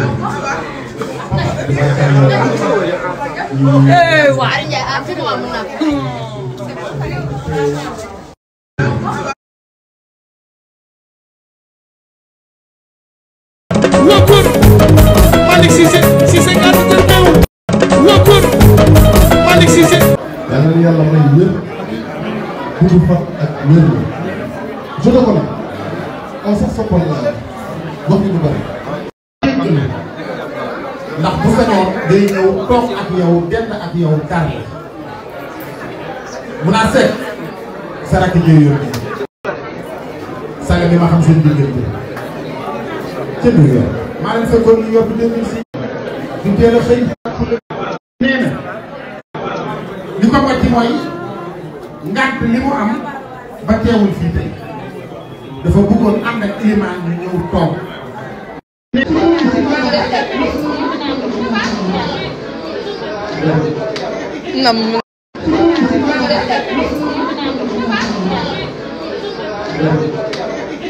waaye Ndiaye ah fi mu am nag. Wokur Malick Cissé Cissé gàddu kër teew. Wokur Malick Cissé. yàlla na yàlla may wér gudd fan ak wér. jota ko nag aw sax soppal naa la. day ñëw toog ak yow dend ak yow carré mun naa seet sa rakk jëy yónni saga bi ma xam seen diggante ca New York maa leen fekkoon New York deux mille six du teel a xëy nee na li ko bacci mooy ngànt li mu am ba teewul fii tey dafa bëggoon ànd ak ilimaan ñu ñëw toog 南。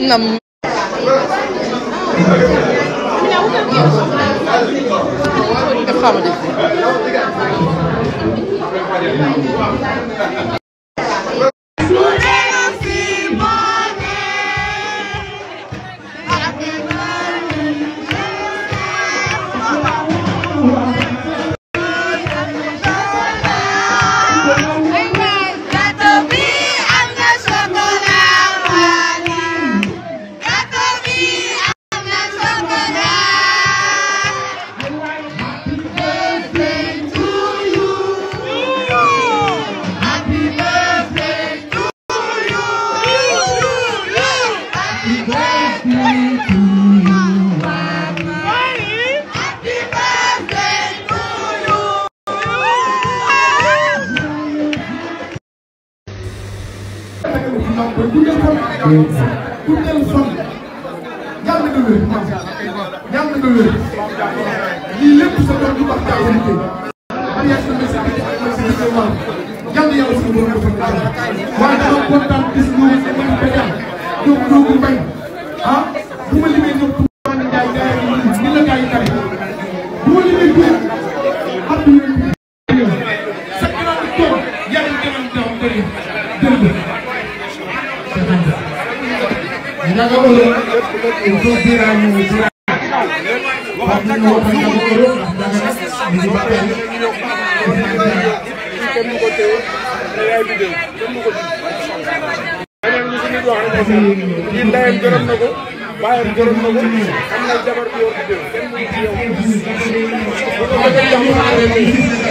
南。gërëm na ko bàyyam gërëm na ko am na jabar bi yor di déglu Thank you.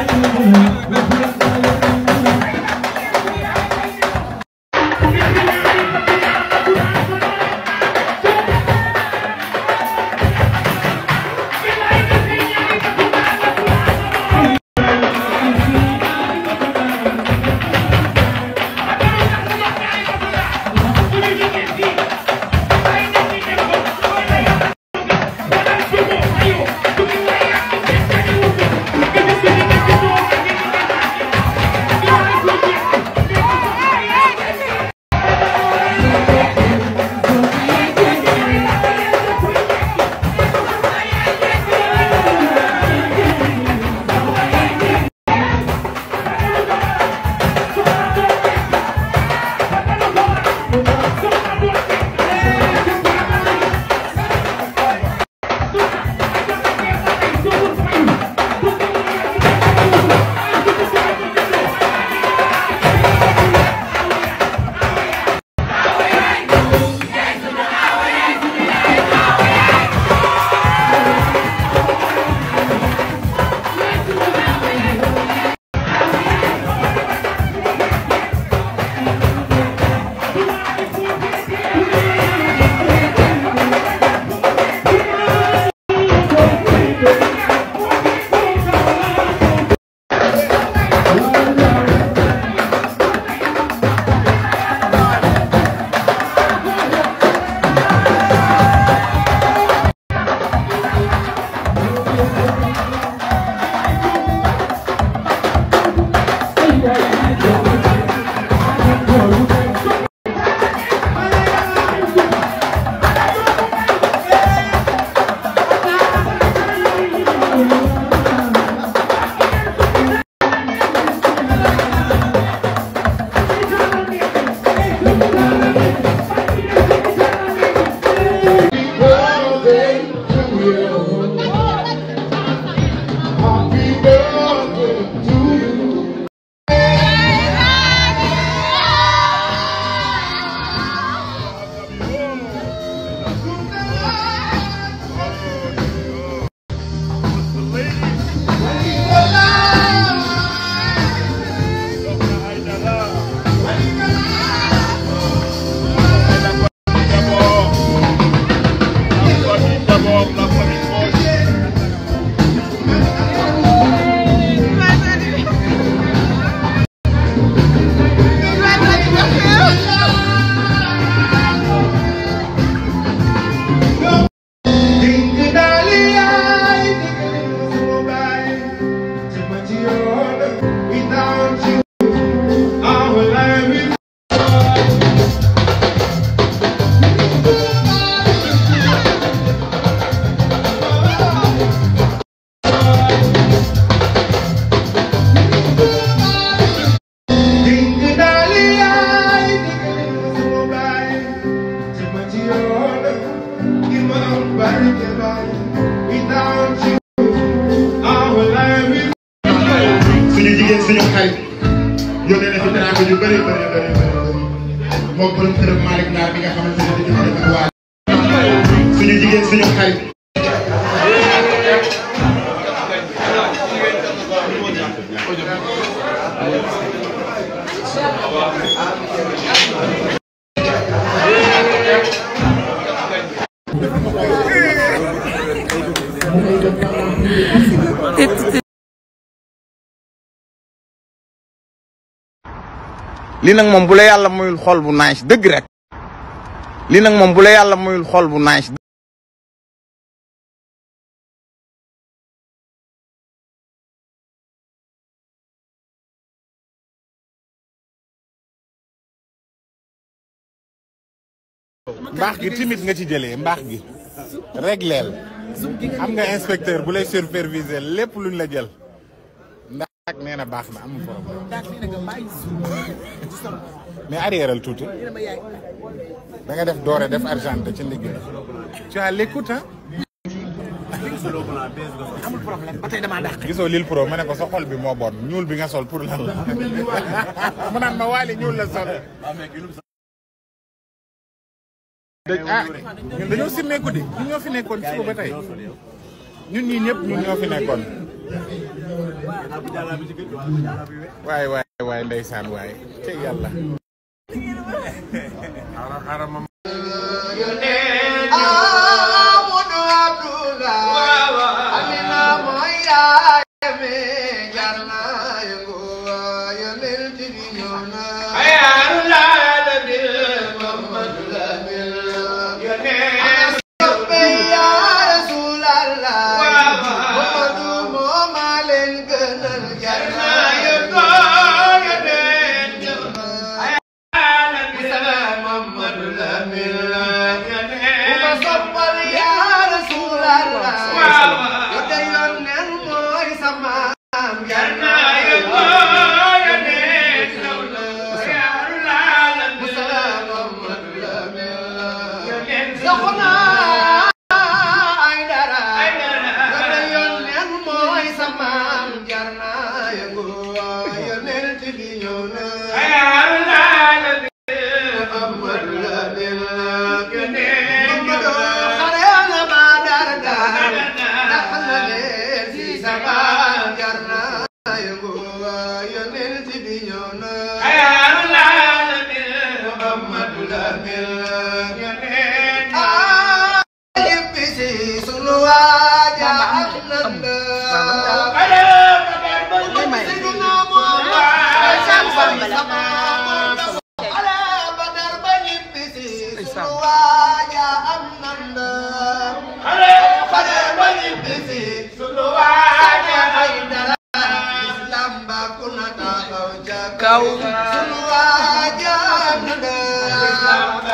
Allahu Ekber. li nag moom bu la yàlla moyul xol bu nice dëgg rek li nag moom bu la yàlla moyul xol bu nice mbaax gi timit nga ci jëlee mbaax gi régleel am nga inspecteur bu lay superviser lépp luñ la jël ak baax na amul problème. mais arrièreal tuuti. da nga def doore def argenté ci ndigg la. tu as l'écoute ah. amul ba tey ma ne ko sa xol bi moo bon ñuul bi nga sol pour lan la. mu ma waali ñuul la sol. ah ñun dañoo simmeeku di ñun ñoo fi nekkoon suba ba tey ñun ñii ñëpp ñun ñoo fi nekkoon. waaye waay waay ndeysaan waay te yàlla 在吗？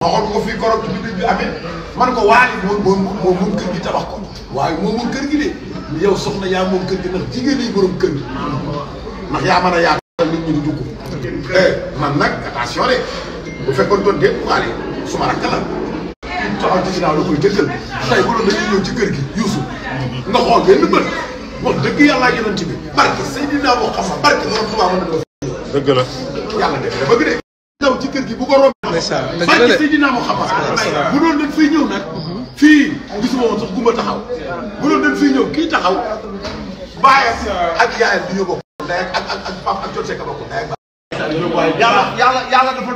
waxoon ko fii man ko waali moom moom moom moom kër gi tabax ko waaye moom moom kër gi de yow soxna yaa moom kër gi ndax jigéen ñi borom kër gi ndax yaa a yaatal nit ñi di dugg eh, man nag attention de bu fekkoon doon déet waali bu doon dañuy ñëw gi Yuusu nga xool dëgg yàlla def la bëgg de ci kër gi bu ko romb. ndeysaan dëgg si dinaa ma xam bu doon fii gisuma woon sax gumba ñëw kii taxaw. bàyyam ak yaayam du ñu bokk.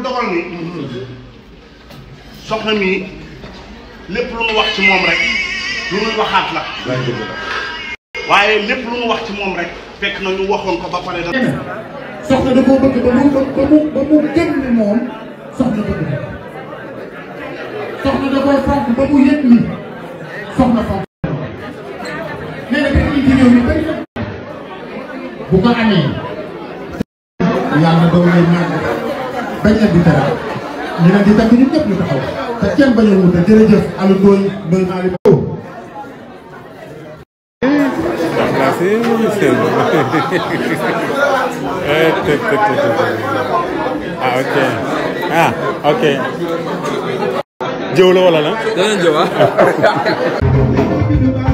dogal ni. soxna mi lépp lu mu wax ci moom rek lu muy waxaat la. waaye lépp lu mu wax ci moom rek fekk na ñu waxoon ko ba pare. soxna da koo bëgg ba mu ba mu ba mu gën ni moom soxna bëgg na soxna da koo fonk ba mu yëg ni soxna fonk nee yang benn jigéen yu bëri bu ko amee yàlla doon lay màgg bañ a di dara ñu ne di takk ñun Eh, ah ok ah ok. jëw la wala la. danañ jëw ah.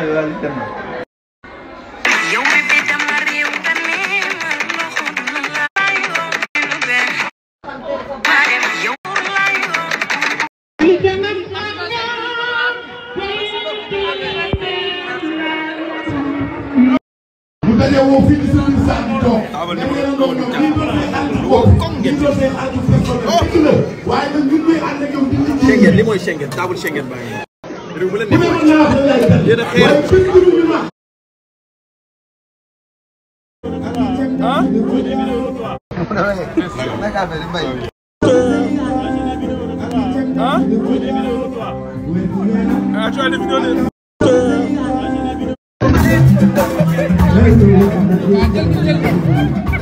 temps yi daal dem na. Schengen li mooy Schengen taabal Schengen baa ngi réew mi la nekk yéen a xeer ah